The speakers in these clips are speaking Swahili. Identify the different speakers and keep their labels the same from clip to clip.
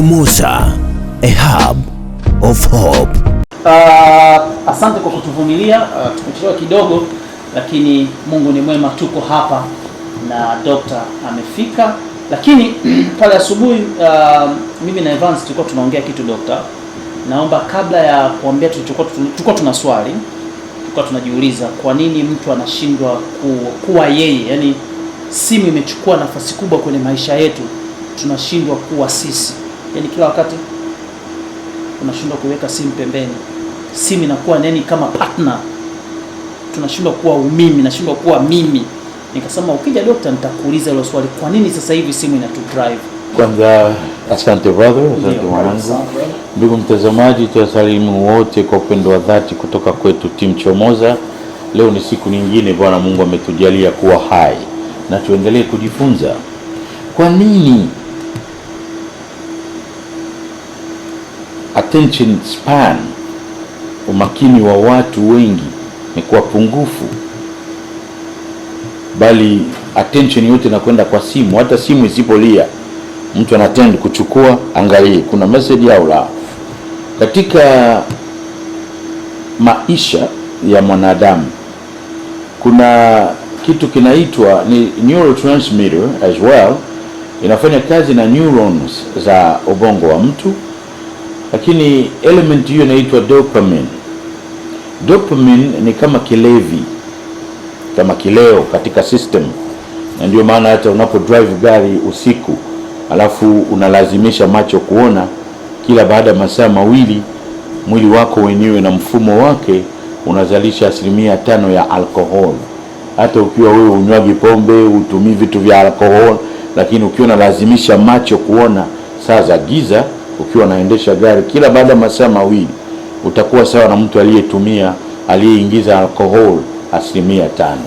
Speaker 1: musa a hub of hope. Uh, asante kwa kutuvumilia. Uh, tumechelewa kidogo, lakini Mungu ni mwema, tuko hapa na dokta amefika. Lakini pale asubuhi, uh, mimi na Evans tulikuwa tunaongea kitu. Dokta, naomba kabla ya kuambia, tulikuwa tuna swali tulikuwa tunajiuliza, kwa nini mtu anashindwa ku, kuwa yeye, yani simu imechukua nafasi kubwa kwenye maisha yetu, tunashindwa kuwa sisi yani kila wakati unashindwa kuweka simu pembeni. Simu inakuwa nani kama partner, tunashindwa kuwa umimi, nashindwa kuwa mimi. Nikasema ukija dokta, nitakuuliza hilo swali, kwa nini sasa hivi simu drive?
Speaker 2: Kwanza asante brother, asante mwanangu. Ndugu mtazamaji, tuwasalimu wote kwa upendo wa dhati kutoka kwetu timu Chomoza. Leo ni siku nyingine Bwana Mungu ametujalia kuwa hai na tuendelee kujifunza kwa nini attention span, umakini wa watu wengi ni kuwa pungufu, bali attention yote inakwenda kwa simu. Hata simu isipolia, mtu anatend kuchukua, angalie kuna message au la. Katika maisha ya mwanadamu kuna kitu kinaitwa ni neurotransmitter as well, inafanya kazi na neurons za ubongo wa mtu lakini element hiyo inaitwa dopamine. Dopamine ni kama kilevi, kama kileo katika system, na ndio maana hata unapo drive gari usiku alafu unalazimisha macho kuona kila baada ya masaa mawili, mwili wako wenyewe na mfumo wake unazalisha asilimia tano ya alkohol. Hata ukiwa wewe unywaji pombe, utumii vitu vya alkohol, lakini ukiwa unalazimisha macho kuona saa za giza ukiwa unaendesha gari kila baada ya masaa mawili utakuwa sawa na mtu aliyetumia aliyeingiza alkohol asilimia tano.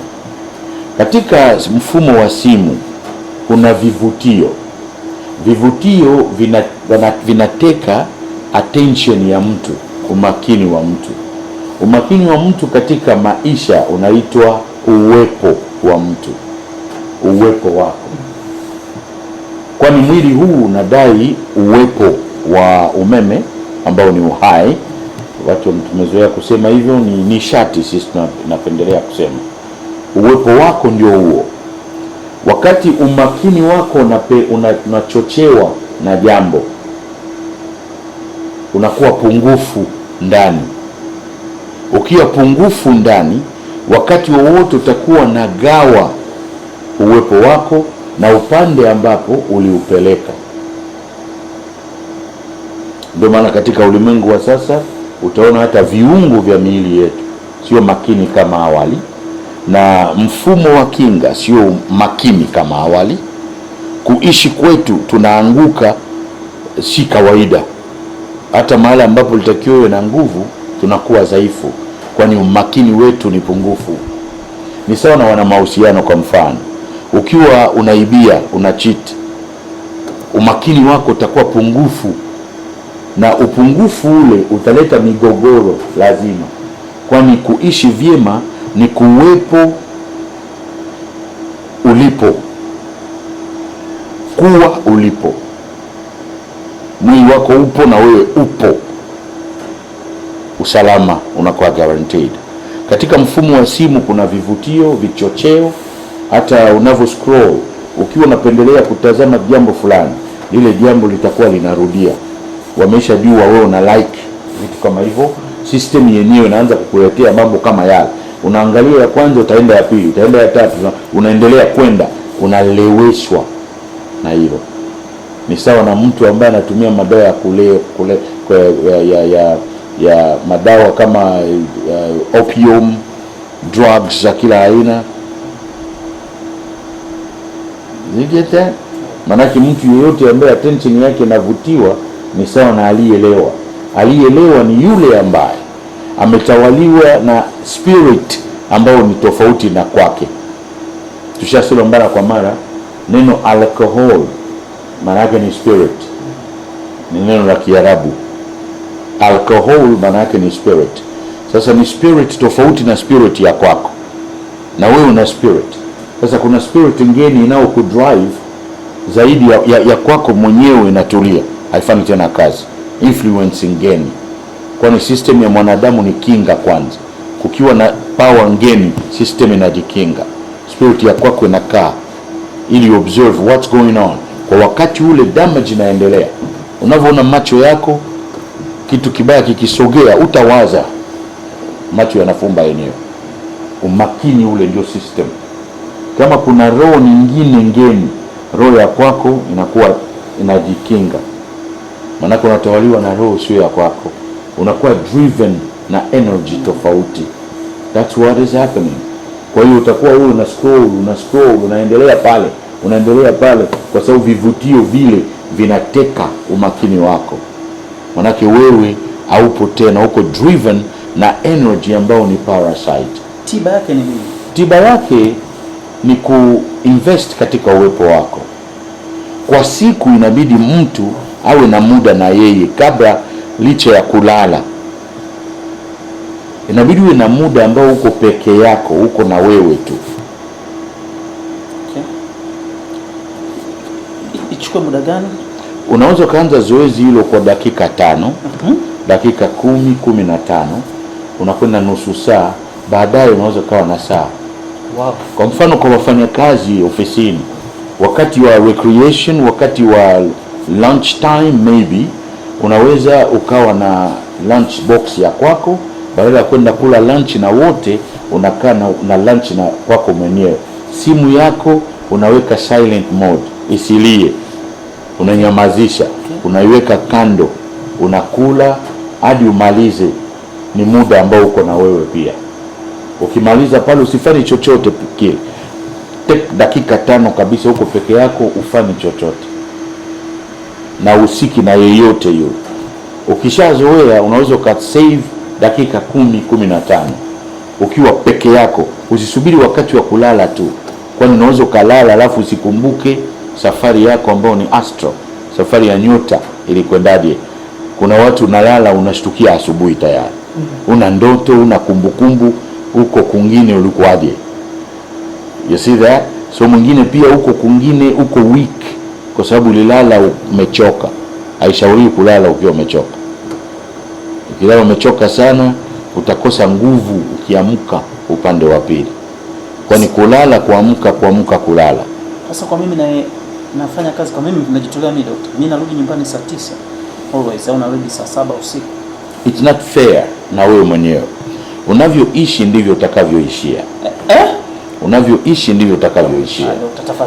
Speaker 2: Katika mfumo wa simu kuna vivutio. Vivutio vinateka vina, vina attention ya mtu, umakini wa mtu. Umakini wa mtu katika maisha unaitwa uwepo wa mtu, uwepo wako, kwani mwili huu unadai uwepo wa umeme ambao ni uhai. Watu tumezoea kusema hivyo, ni nishati, sisi tunapendelea kusema. Uwepo wako ndio huo. Wakati umakini wako unachochewa una, una na jambo, unakuwa pungufu ndani. Ukiwa pungufu ndani, wakati wowote utakuwa na gawa uwepo wako na upande ambapo uliupeleka. Ndio maana katika ulimwengu wa sasa utaona hata viungo vya miili yetu sio makini kama awali, na mfumo wa kinga sio makini kama awali. Kuishi kwetu tunaanguka, si kawaida. Hata mahali ambapo litakiwa iwe na nguvu tunakuwa dhaifu, kwani umakini wetu ni pungufu. Ni sawa na wana mahusiano. Kwa mfano, ukiwa unaibia, una cheat, umakini wako utakuwa pungufu na upungufu ule utaleta migogoro lazima, kwani kuishi vyema ni kuwepo ulipo, kuwa ulipo. Mwili wako upo na wewe upo, usalama unakuwa guaranteed. Katika mfumo wa simu kuna vivutio, vichocheo. Hata unavyo scroll ukiwa unapendelea kutazama jambo fulani, lile jambo litakuwa linarudia wameshajua wewe una like vitu kama hivyo, system yenyewe inaanza kukuletea mambo kama yale. Unaangalia ya kwanza, utaenda ya pili, utaenda ya tatu, unaendelea kwenda, unaleweshwa na hilo. Ni sawa na mtu ambaye anatumia madawa ya kule, kule, kule ya, ya, ya, ya madawa kama ya, opium drugs za kila aina maanake mtu yeyote ambaye attention yake inavutiwa ni sawa na aliyelewa. Aliyelewa ni yule ambaye ametawaliwa na spirit ambayo ni tofauti na kwake. Tushasema mara kwa mara neno alcohol maana yake ni spirit, ni neno la Kiarabu. Alcohol maana yake ni spirit. Sasa ni spirit tofauti na spirit ya kwako, na wewe una spirit. Sasa kuna spirit ngeni inayokudrive zaidi ya, ya, ya kwako mwenyewe inatulia haifanyi tena kazi, influence ngeni, kwani system ya mwanadamu ni kinga kwanza. Kukiwa na power ngeni, system inajikinga, spirit ya kwako inakaa ili observe what's going on kwa wakati ule, damage inaendelea. Unavyoona macho yako kitu kibaya kikisogea, utawaza macho yanafumba yenyewe. Umakini ule ndio system. Kama kuna roho nyingine ngeni, roho ya kwako inakuwa inajikinga maanake unatawaliwa na roho sio ya kwako, unakuwa driven na energy tofauti. That's what is happening. Kwa hiyo utakuwa wewe una scroll una scroll, unaendelea pale unaendelea pale, kwa sababu vivutio vile vinateka umakini wako, manake wewe haupo tena, uko driven na energy ambayo ni parasite.
Speaker 1: Tiba yake ni nini?
Speaker 2: Tiba yake ni kuinvest katika uwepo wako. Kwa siku inabidi mtu awe na muda na yeye kabla, licha ya kulala inabidi uwe na muda ambao uko peke yako, uko na wewe tu. Okay.
Speaker 1: Ichukue muda gani?
Speaker 2: Unaweza ukaanza zoezi hilo kwa dakika tano. uh mhm. -huh. dakika kumi, kumi na tano, unakwenda nusu saa, baadaye unaweza ukawa na saa. Wow. Kwa mfano kwa wafanyakazi ofisini, wakati wa recreation, wakati wa lunch time maybe unaweza ukawa na lunch box ya kwako, badala ya kwenda kula lunch na wote, unakaa na, na lunch na kwako mwenyewe. Simu yako unaweka silent mode, isilie, unanyamazisha, unaiweka kando, unakula hadi umalize. Ni muda ambao uko na wewe pia. Ukimaliza pale, usifanye chochote kile, dakika tano kabisa, huko peke yako, ufanye chochote na usiki na yeyote yule. Ukishazoea unaweza ukasave dakika kumi, kumi na tano ukiwa peke yako. Usisubiri wakati wa kulala tu, kwani unaweza ukalala alafu usikumbuke safari yako ambayo ni astro, safari ya nyota ilikwendaje. Kuna watu unalala unashtukia asubuhi tayari mm-hmm. una ndoto, una kumbukumbu huko kungine ulikuwaje. You see that? So mwingine pia huko kungine uko weak kwa sababu ulilala umechoka. Haishauriwi kulala ukiwa umechoka. Ukilala umechoka sana, utakosa nguvu ukiamka upande wa pili, kwani kulala, kuamka, kuamka, kulala.
Speaker 1: Sasa kwa mimi na nafanya kazi kwa mimi najitolea mimi daktari. Mimi narudi nyumbani saa tisa always au narudi saa saba usiku.
Speaker 2: It's not fair na wewe mwenyewe. Unavyoishi ndivyo utakavyoishia.
Speaker 1: Eh? eh? unavyoishi ndivyo utakavyoishi.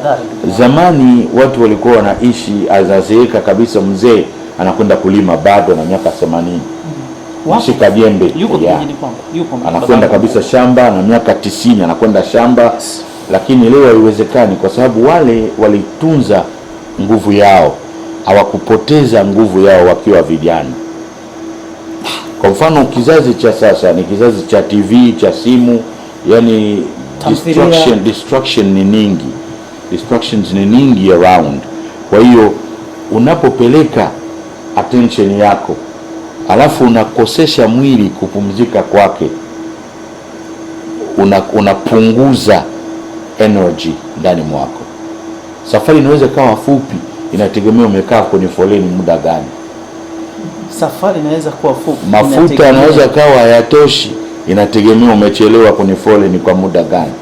Speaker 1: Ah,
Speaker 2: Zamani watu walikuwa wanaishi, azazeeka kabisa, mzee anakwenda kulima, bado na miaka themanini mm. shika jembe, anakwenda kabisa shamba na miaka tisini anakwenda shamba. Lakini leo haiwezekani, kwa sababu wale walitunza nguvu yao, hawakupoteza nguvu yao wakiwa vijana. Kwa mfano kizazi cha sasa ni kizazi cha TV, cha simu, yani destruction, destruction ni nyingi, destructions ni nyingi around. Kwa hiyo unapopeleka attention yako alafu unakosesha mwili kupumzika kwake, unapunguza una energy ndani mwako. Safari inaweza kawa fupi, inategemea umekaa kwenye foleni muda gani.
Speaker 1: Safari inaweza kuwa fupi,
Speaker 2: mafuta yanaweza kawa hayatoshi inategemea umechelewa kwenye foleni kwa muda gani.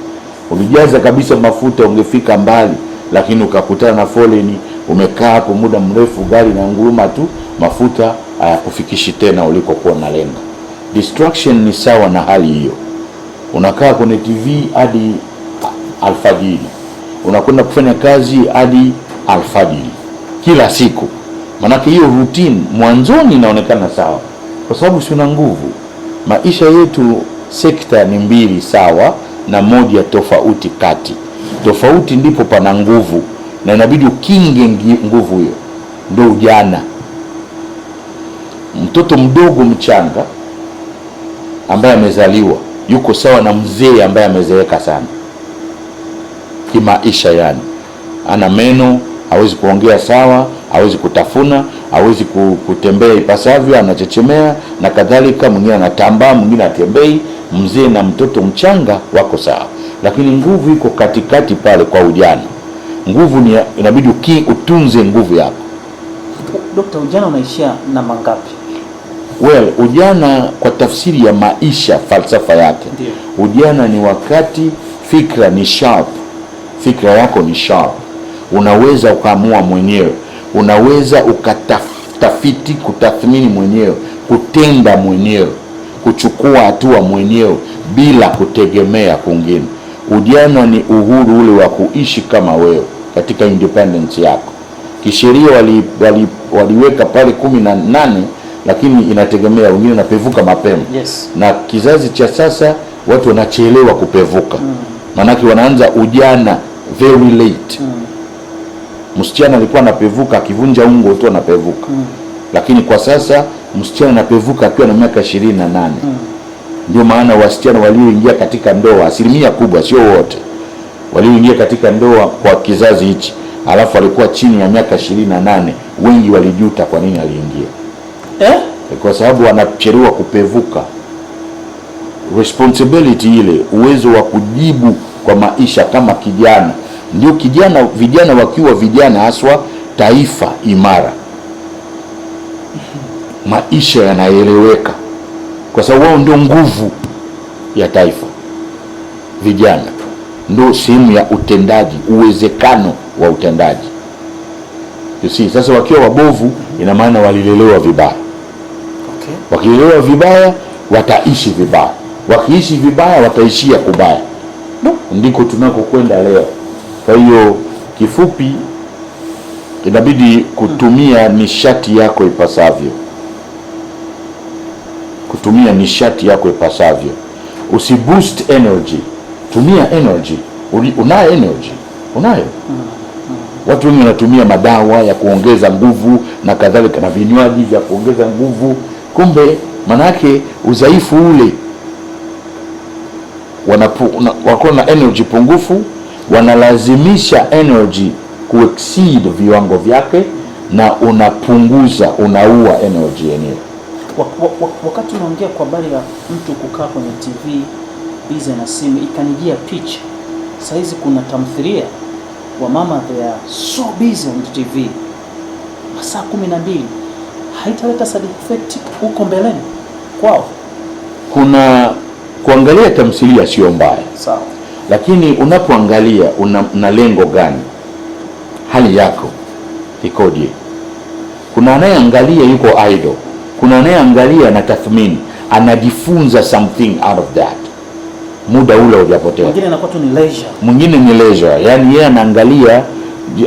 Speaker 2: ulijaza kabisa mafuta ungefika mbali, lakini ukakutana na foleni, umekaa hapo muda mrefu, gari na nguruma tu, mafuta hayakufikishi tena ulikokuwa unalenga. Distraction ni sawa na hali hiyo. Unakaa kwenye TV hadi alfajiri, unakwenda kufanya kazi hadi alfajiri kila siku, maanake hiyo routine mwanzoni inaonekana sawa, kwa sababu si una nguvu maisha yetu sekta ni mbili sawa na moja tofauti kati. Tofauti ndipo pana nguvu, na inabidi ukinge nguvu hiyo, ndio ujana. Mtoto mdogo mchanga ambaye amezaliwa yuko sawa na mzee ambaye amezeeka sana kimaisha, yani ana meno hawezi kuongea sawa hawezi kutafuna, hawezi kutembea ipasavyo, anachechemea na kadhalika. Mwingine anatambaa, mwingine atembei. Mzee na mtoto mchanga wako sawa, lakini nguvu iko katikati pale kwa ujana. Nguvu ni inabidi uki utunze nguvu yako.
Speaker 1: Dokta, ujana unaishia na mangapi?
Speaker 2: Well, ujana kwa tafsiri ya maisha, falsafa yake Ndiyo. Ujana ni wakati fikra ni sharp, fikra yako ni sharp, unaweza ukaamua mwenyewe unaweza ukatafiti, kutathmini mwenyewe, kutenda mwenyewe, kuchukua hatua mwenyewe bila kutegemea kwingine. Ujana ni uhuru ule wa kuishi kama wewe katika independence yako. Kisheria wali, wali, waliweka pale kumi na nane lakini inategemea wengine wanapevuka mapema yes. Na kizazi cha sasa watu wanachelewa kupevuka mm. Maanake wanaanza ujana very late mm msichana alikuwa anapevuka akivunja ungo tu anapevuka mm. Lakini kwa sasa msichana anapevuka akiwa na miaka ishirini na nane mm. Ndio maana wasichana walioingia katika ndoa asilimia kubwa, sio wote, walioingia katika ndoa kwa kizazi hichi alafu alikuwa chini ya miaka ishirini na nane wengi walijuta kwa nini aliingia eh? eh kwa sababu anachelewa kupevuka responsibility ile, uwezo wa kujibu kwa maisha kama kijana ndio kijana, vijana wakiwa vijana haswa, taifa imara, maisha yanaeleweka, kwa sababu wao ndio nguvu ya taifa. Vijana ndio sehemu ya utendaji, uwezekano wa utendaji. You see, sasa wakiwa wabovu, ina maana walilelewa vibaya. Okay. Wakilelewa vibaya wataishi vibaya, wakiishi vibaya wataishia kubaya. No, ndiko tunakokwenda leo. Kwa hiyo kifupi, inabidi kutumia nishati yako ipasavyo, kutumia nishati yako ipasavyo. Usiboost energy, tumia energy. Unayo energy, unayo Watu wengi wanatumia madawa ya kuongeza nguvu na kadhalika na vinywaji vya kuongeza nguvu, kumbe manake udhaifu ule wanapo, na, wako na energy pungufu wanalazimisha energy kuexceed viwango vyake na unapunguza unaua energy yenyewe.
Speaker 1: Wakati unaongea kwa habari ya mtu kukaa kwenye TV bize na simu, ikanijia picha saizi, kuna tamthilia wa mama, they are so busy on TV masaa kumi na mbili, haitaleta sadifeti huko mbeleni kwao.
Speaker 2: Kuna kuangalia tamthilia sio mbaya, sawa lakini unapoangalia una, una lengo gani? Hali yako ikoje? Kuna anayeangalia yuko idle, kuna anayeangalia na tathmini, anajifunza something out of that muda ule ujapotea. Mwingine anakuwa tu ni leisure, mwingine ni leisure, yani yeye anaangalia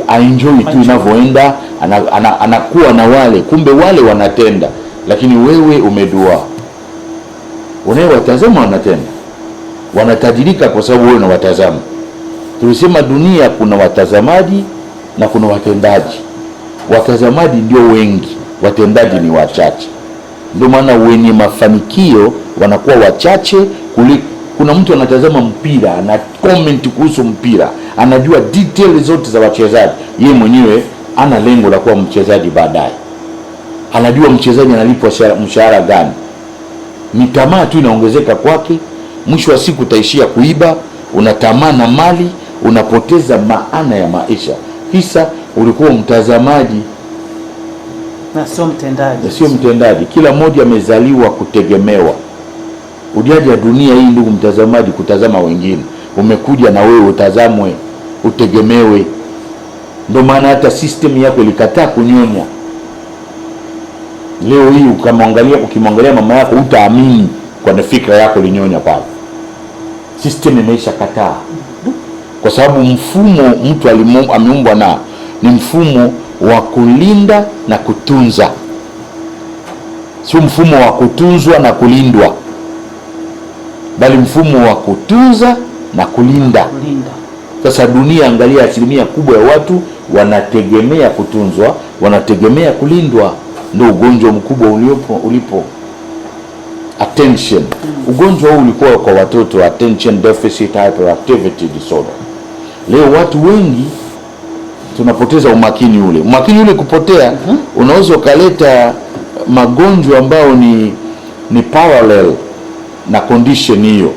Speaker 2: aenjoy tu inavyoenda, anakuwa ana, ana, ana na wale kumbe wale wanatenda, lakini wewe umedua, unayewatazama wanatenda wanatajirika kwa sababu wewe unawatazama. Tulisema dunia kuna watazamaji na kuna watendaji. Watazamaji ndio wengi, watendaji ni wachache. Ndio maana wenye mafanikio wanakuwa wachache kuliko kuna mtu anatazama mpira ana comment kuhusu mpira, anajua detail zote za wachezaji, yeye mwenyewe ana lengo la kuwa mchezaji baadaye, anajua mchezaji analipwa mshahara gani. Ni tamaa tu inaongezeka kwake mwisho wa siku utaishia kuiba, unatamana mali, unapoteza maana ya maisha. Hisa ulikuwa mtazamaji
Speaker 1: na sio mtendaji, na sio mtendaji.
Speaker 2: Kila mmoja amezaliwa kutegemewa. Ujaja dunia hii, ndugu mtazamaji, kutazama wengine, umekuja na wewe utazamwe, utegemewe. Ndio maana hata system yako ilikataa kunyonya. Leo hii ukamwangalia, ukimwangalia mama yako utaamini kwa fikra yako linyonya pale system imeisha kataa, kwa sababu mfumo mtu ameumbwa na ni mfumo wa kulinda na kutunza, sio mfumo wa kutunzwa na kulindwa, bali mfumo wa kutunza na kulinda. Sasa dunia, angalia, asilimia kubwa ya watu wanategemea kutunzwa, wanategemea kulindwa. Ndio ugonjwa mkubwa uliopo ulipo attention Ugonjwa huu ulikuwa kwa watoto attention deficit hyperactivity disorder. Leo watu wengi tunapoteza umakini ule. Umakini ule kupotea, unaweza ukaleta magonjwa ambayo ni, ni parallel na condition hiyo,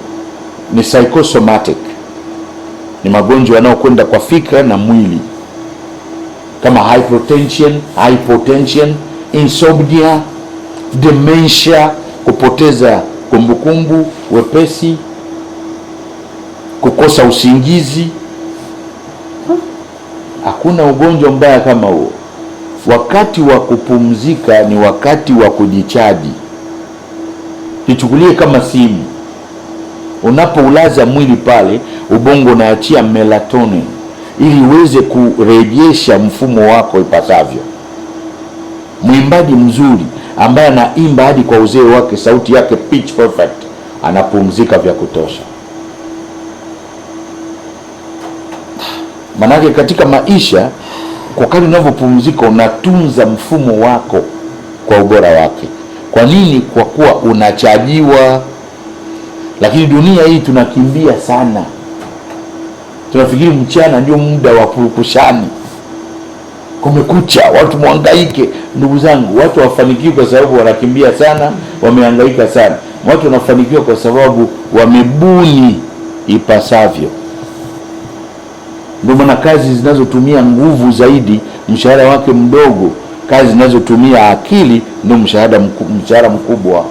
Speaker 2: ni psychosomatic, ni magonjwa yanayokwenda kwa fikra na mwili kama hypertension, hypotension, insomnia, dementia, kupoteza kumbukumbu, wepesi, kukosa usingizi. Hakuna ugonjwa mbaya kama huo. Wakati wa kupumzika ni wakati wa kujichaji. nichukulie kama simu, unapoulaza mwili pale, ubongo unaachia melatonin ili uweze kurejesha mfumo wako ipasavyo. Mwimbaji mzuri ambaye anaimba hadi kwa uzee wake, sauti yake pitch perfect, anapumzika vya kutosha. Maanake katika maisha, kwa kadri unavyopumzika, unatunza mfumo wako kwa ubora wake. Kwa nini? Kwa kuwa unachajiwa. Lakini dunia hii tunakimbia sana, tunafikiri mchana ndio muda wa purukushani kumekucha, watu mwangaike. Ndugu zangu, watu hawafanikiwi kwa sababu wanakimbia sana, wamehangaika sana. Watu wanafanikiwa kwa sababu wamebuni ipasavyo. Ndio maana kazi zinazotumia nguvu zaidi mshahara wake mdogo, kazi zinazotumia akili ndio mshahara mku, mshahara mkubwa.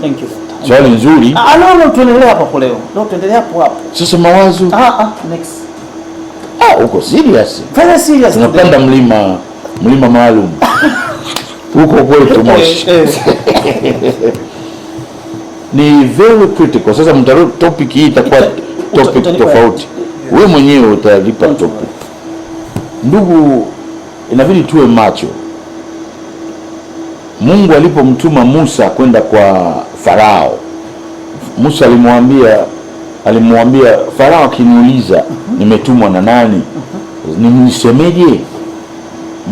Speaker 2: Thank you. Swali nzuri. Ah, no, no, tuendelee hapo kwa leo. No, tuendelee hapo hapo.
Speaker 1: Sasa mawazo. Ah, ah, next.
Speaker 2: Ah, uko serious?
Speaker 1: Very serious.
Speaker 2: Tunapanda mlima, mlima maalum. Huko kwetu eh, Moshi. Eh. Ni very critical. Sasa mtarudi topic hii itakuwa topic tofauti. Wewe mwenyewe utalipa topic. Ndugu, inabidi tuwe macho. Mungu alipomtuma Musa kwenda kwa Farao. Musa alimwambia alimwambia Farao akiniuliza nimetumwa na nani, nimnisemeje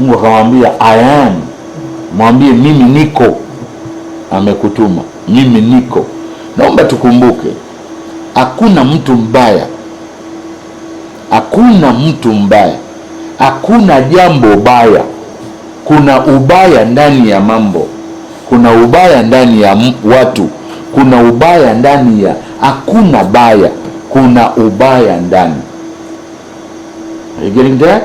Speaker 2: Mungu akamwambia I am, mwambie mimi niko amekutuma, mimi niko. Naomba tukumbuke, hakuna mtu mbaya, hakuna mtu mbaya, hakuna jambo baya. Kuna ubaya ndani ya mambo kuna ubaya ndani ya watu, kuna ubaya ndani ya, hakuna baya, kuna ubaya ndani. Are you getting that? Yes.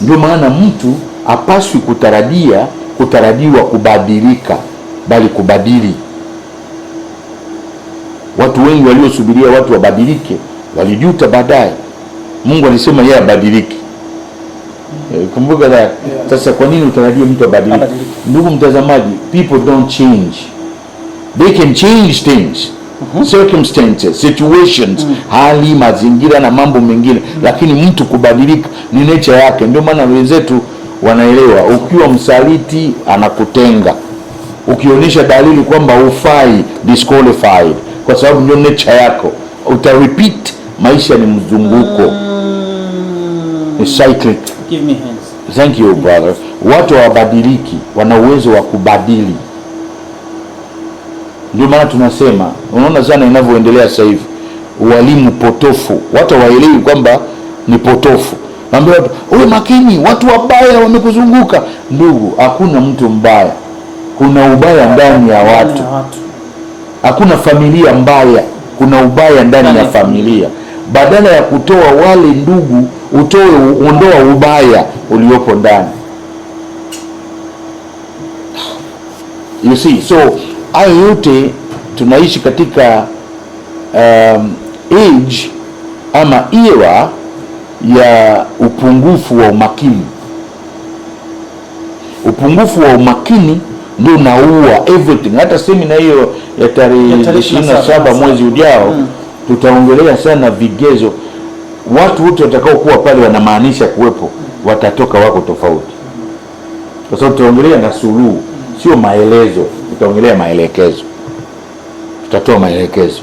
Speaker 2: Ndio maana mtu hapaswi kutarajia kutarajiwa kubadilika, bali kubadili. Watu wengi waliosubiria watu wabadilike walijuta baadaye. Mungu alisema yeye abadilike. Eh, kumbuka that. Sasa kwa nini utarajie mtu abadilike? Ndugu mtazamaji, people don't change, they can change things Mm -hmm. Circumstances, situations, mm -hmm. hali, mazingira na mambo mengine mm -hmm. Lakini mtu kubadilika ni nature yake. Ndio maana wenzetu wanaelewa, ukiwa msaliti anakutenga, ukionyesha dalili kwamba ufai disqualified, kwa sababu ndio nature yako, uta repeat. Maisha ni mzunguko, mm. ni cyclic.
Speaker 1: Give me hands.
Speaker 2: Thank you brother. Watu hawabadiliki, wana uwezo wa kubadili. Ndio maana tunasema, unaona sana inavyoendelea sasa hivi, walimu potofu, watu hawaelewi kwamba ni potofu. Naambia watu uwe makini, watu wabaya wamekuzunguka. Ndugu, hakuna mtu mbaya, kuna ubaya ndani ya watu. Hakuna familia mbaya, kuna ubaya ndani ya familia. Badala ya kutoa wale ndugu utoe, uondoa ubaya uliopo ndani. You see, so hayo yote tunaishi katika um, age ama era ya upungufu wa umakini. Upungufu wa umakini ndio unaua everything. Hata semina hiyo ya tarehe ishirini na saba mwezi ujao, hmm, tutaongelea sana vigezo watu wote watakaokuwa pale wanamaanisha kuwepo watatoka wako tofauti, kwa sababu tutaongelea na suluhu, sio maelezo, tutaongelea maelekezo, tutatoa maelekezo.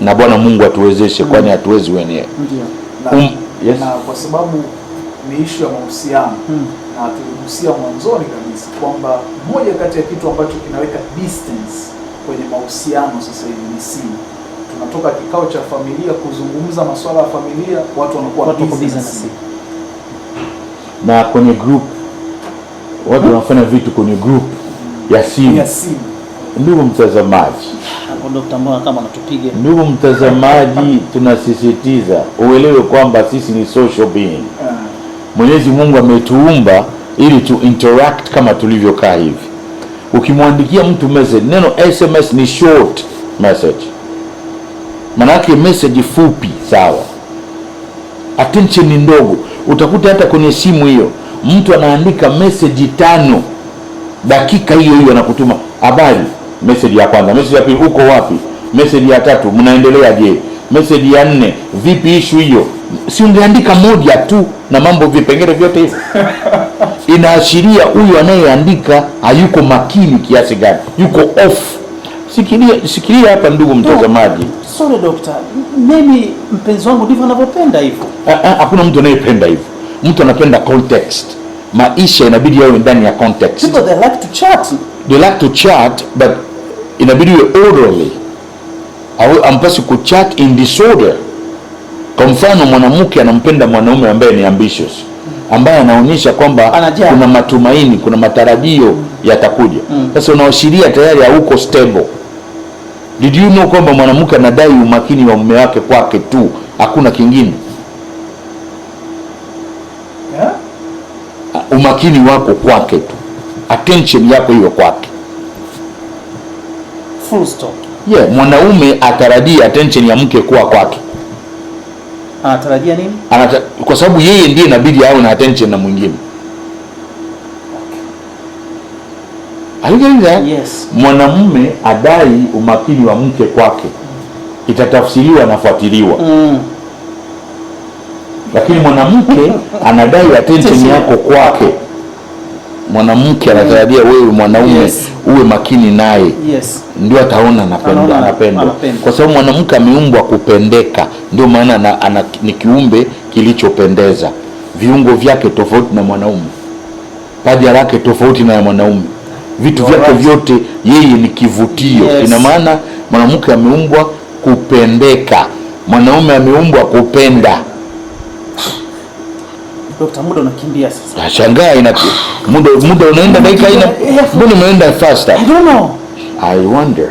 Speaker 2: Na Bwana Mungu atuwezeshe, kwani hatuwezi wenyewe.
Speaker 1: Um, yes. Na kwa sababu ni ishu ya mahusiano hmm. Na tuligusia mwanzoni kabisa kwamba moja kati ya kitu ambacho kinaweka distance kwenye mahusiano sasa hivi ni simu tunatoka kikao cha familia kuzungumza masuala ya familia, watu wanakuwa watu busy na simu
Speaker 2: na kwenye group, watu wanafanya vitu kwenye group ya simu. Ndugu mtazamaji, ndugu mtazamaji, tunasisitiza uelewe kwamba sisi ni social being. Ah. Mwenyezi Mungu ametuumba ili tu interact kama tulivyokaa hivi. Ukimwandikia mtu message, neno SMS ni short message Manake message fupi sawa, attention ni ndogo. Utakuta hata kwenye simu hiyo mtu anaandika message tano dakika hiyo hiyo anakutuma habari, message ya kwanza, message ya pili, uko wapi? Message ya tatu, mnaendelea je? Message ya nne, vipi ishu hiyo? Si ungeandika moja tu na mambo vipengele vyote hivyo? Inaashiria huyu anayeandika hayuko makini kiasi gani, yuko off. Sikilia, sikilia hapa ndugu mtazamaji.
Speaker 1: Sorry dokta, mimi mpenzi wangu ndivyo anavyopenda hivyo.
Speaker 2: Eh, eh, hakuna mtu anayependa hivyo, mtu anapenda context. Maisha inabidi yawe ndani ya context.
Speaker 1: People they like to chat.
Speaker 2: They like to chat but inabidi iwe orderly, au ampasi ku chat in disorder. Kwa mfano, mwanamke anampenda mwanaume ambaye ni ambitious, ambaye anaonyesha kwamba Anajia. kuna matumaini, kuna matarajio mm. yatakuja. Sasa mm. unaoshiria tayari hauko stable Did you know kwamba mwanamke anadai umakini wa mume wake kwake tu, hakuna kingine yeah? Umakini wako kwake tu, attention yako hiyo kwake full stop. Yeah, mwanaume atarajia attention ya mke kuwa kwake.
Speaker 1: Anatarajia nini?
Speaker 2: Anata, kwa sababu yeye ndiye inabidi awe na attention na mwingine Eh? yes. Mwanamume adai umakini wa mke kwake itatafsiriwa nafuatiliwa mm. Lakini mwanamke anadai attention yako kwake. Mwanamke anatarajia mm. wewe mwanaume yes. uwe makini naye yes. Ndio ataona anapendwa, anapendwa kwa sababu mwanamke ameumbwa kupendeka, ndio maana ni kiumbe kilichopendeza, viungo vyake tofauti na mwanaume, paja lake tofauti na ya mwanaume vitu vyake vyote, yeye ni kivutio yes. Ina maana mwanamke ameumbwa kupendeka, mwanaume ameumbwa kupenda.
Speaker 1: Dokta, muda unakimbia
Speaker 2: sasa. Nashangaa ina muda muda unaenda dakika ina mbona umeenda faster? I don't know. I wonder.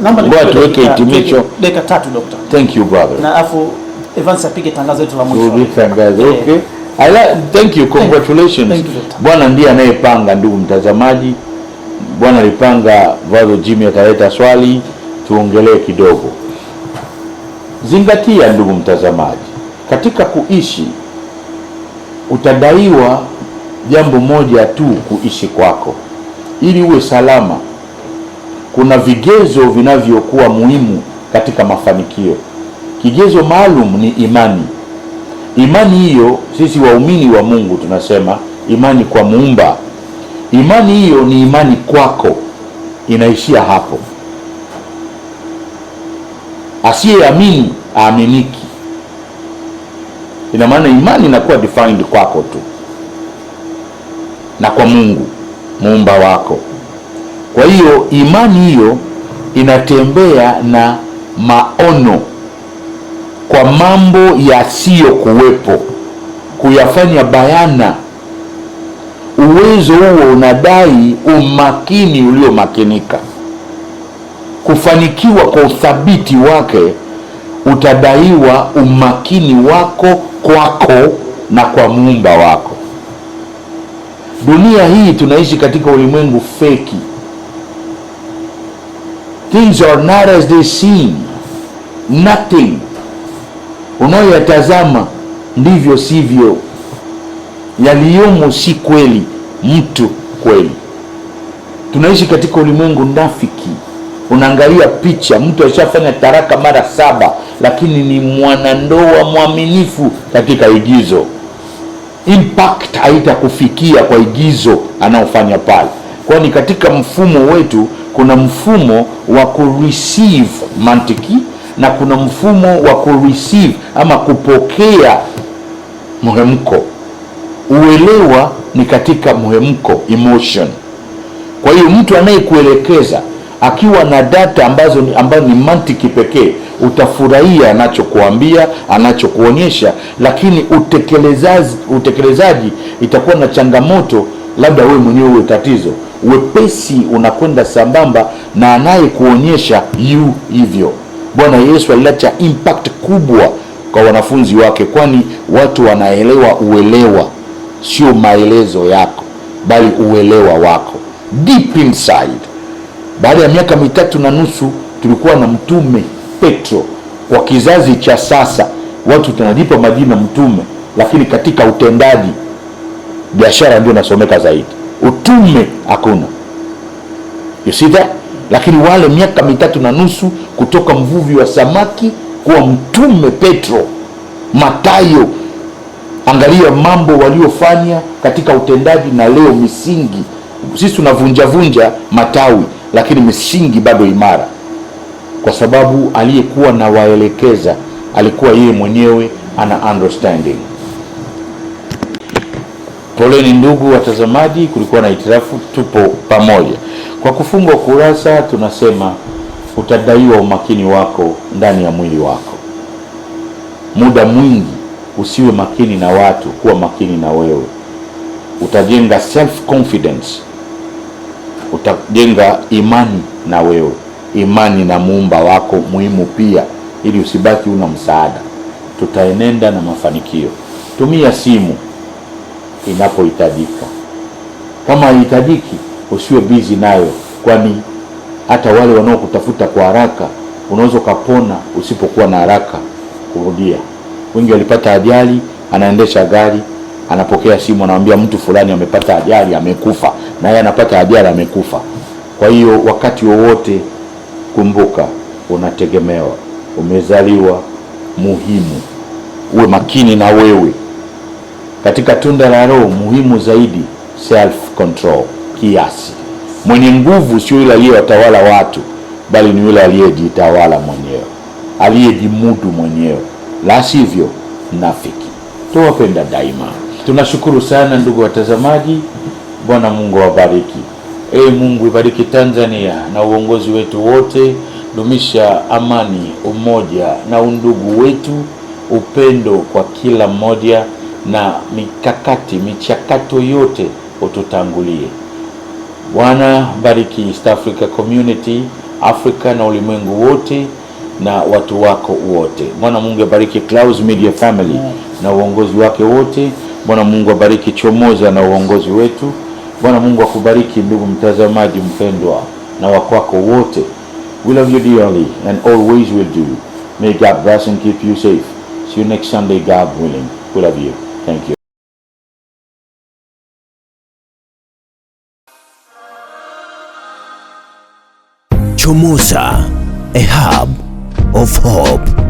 Speaker 2: Namba tuweke hitimisho.
Speaker 1: Dakika tatu dokta.
Speaker 2: Thank you brother.
Speaker 1: Na afu Evans apige tangazo letu la
Speaker 2: mwisho. Ndio tangazo. Okay. I like, thank you. Congratulations. Bwana ndiye anayepanga ndugu mtazamaji bwana alipanga vazo Jimmy akaleta swali, tuongelee kidogo. Zingatia ndugu mtazamaji, katika kuishi utadaiwa jambo moja tu, kuishi kwako. Ili uwe salama, kuna vigezo vinavyokuwa muhimu katika mafanikio. Kigezo maalum ni imani. Imani hiyo sisi waumini wa Mungu tunasema imani kwa muumba Imani hiyo ni imani kwako, inaishia hapo. Asiyeamini aaminiki. Ina maana imani inakuwa defined kwako tu na kwa Mungu muumba wako. Kwa hiyo imani hiyo inatembea na maono kwa mambo yasiyokuwepo, kuyafanya bayana uwezo huo unadai umakini uliomakinika. Kufanikiwa kwa uthabiti wake utadaiwa umakini wako kwako na kwa muumba wako. Dunia hii tunaishi katika ulimwengu feki, things are not as they seem, nothing unayoyatazama ndivyo sivyo yaliyomo si kweli mtu kweli. Tunaishi katika ulimwengu nafiki. Unaangalia picha, mtu alishafanya taraka mara saba, lakini ni mwanandoa mwaminifu katika igizo. Impact haitakufikia kwa igizo anaofanya pale, kwani katika mfumo wetu kuna mfumo wa kureceive mantiki na kuna mfumo wa kureceive ama kupokea mwemko uelewa ni katika mhemko emotion. Kwa hiyo mtu anayekuelekeza akiwa na data ambazo ambayo ni mantiki pekee, utafurahia anachokuambia anachokuonyesha, lakini utekelezaji utekelezaji itakuwa na changamoto, labda wewe mwenyewe uwe tatizo. Wepesi unakwenda sambamba na anayekuonyesha yu hivyo. Bwana Yesu aliacha impact kubwa kwa wanafunzi wake, kwani watu wanaelewa uelewa sio maelezo yako, bali uelewa wako deep inside. Baada ya miaka mitatu na nusu tulikuwa na mtume Petro. Kwa kizazi cha sasa watu tunalipa majina mtume, lakini katika utendaji biashara ndio inasomeka zaidi, utume hakuna. You see that? Lakini wale miaka mitatu na nusu kutoka mvuvi wa samaki kuwa mtume Petro, Matayo Angalia mambo waliofanya katika utendaji, na leo misingi sisi tunavunjavunja matawi, lakini misingi bado imara, kwa sababu aliyekuwa na waelekeza alikuwa yeye mwenyewe ana understanding. Poleni ndugu watazamaji, kulikuwa na hitirafu tupo pamoja. Kwa kufungwa kurasa, tunasema utadaiwa umakini wako ndani ya mwili wako muda mwingi usiwe makini na watu, kuwa makini na wewe. Utajenga self confidence, utajenga imani na wewe, imani na muumba wako muhimu pia, ili usibaki una msaada. Tutaenenda na mafanikio. Tumia simu inapohitajika, kama haihitajiki usiwe bizi nayo, kwani hata wale wanaokutafuta kwa haraka unaweza ukapona usipokuwa na haraka kurudia wengi walipata ajali, anaendesha gari, anapokea simu, anamwambia mtu fulani amepata ajali, amekufa, na yeye anapata ajali, amekufa. Kwa hiyo wakati wowote kumbuka, unategemewa, umezaliwa muhimu. Uwe makini na wewe katika tunda la Roho, muhimu zaidi self control, kiasi. Mwenye nguvu sio yule aliyewatawala watu, bali ni yule aliyejitawala mwenyewe, aliyejimudu mwenyewe la sivyo nafiki. Tuwapenda daima. Tunashukuru sana ndugu watazamaji. Bwana Mungu awabariki. Ee Mungu, ibariki Tanzania na uongozi wetu wote. Dumisha amani, umoja na undugu wetu, upendo kwa kila mmoja, na mikakati michakato yote ututangulie. Bwana, bariki East Africa Community, Afrika na ulimwengu wote na watu wako wote. Bwana Mungu abariki Clouds Media Family na uongozi wake wote. Bwana Mungu abariki Chomoza na uongozi wetu. Bwana Mungu akubariki ndugu mtazamaji mpendwa na wakwako wote. We love you dearly and always will do. May God bless and keep you safe. See you next Sunday, God willing. We love you. Thank you. Chomoza, a hub of hope.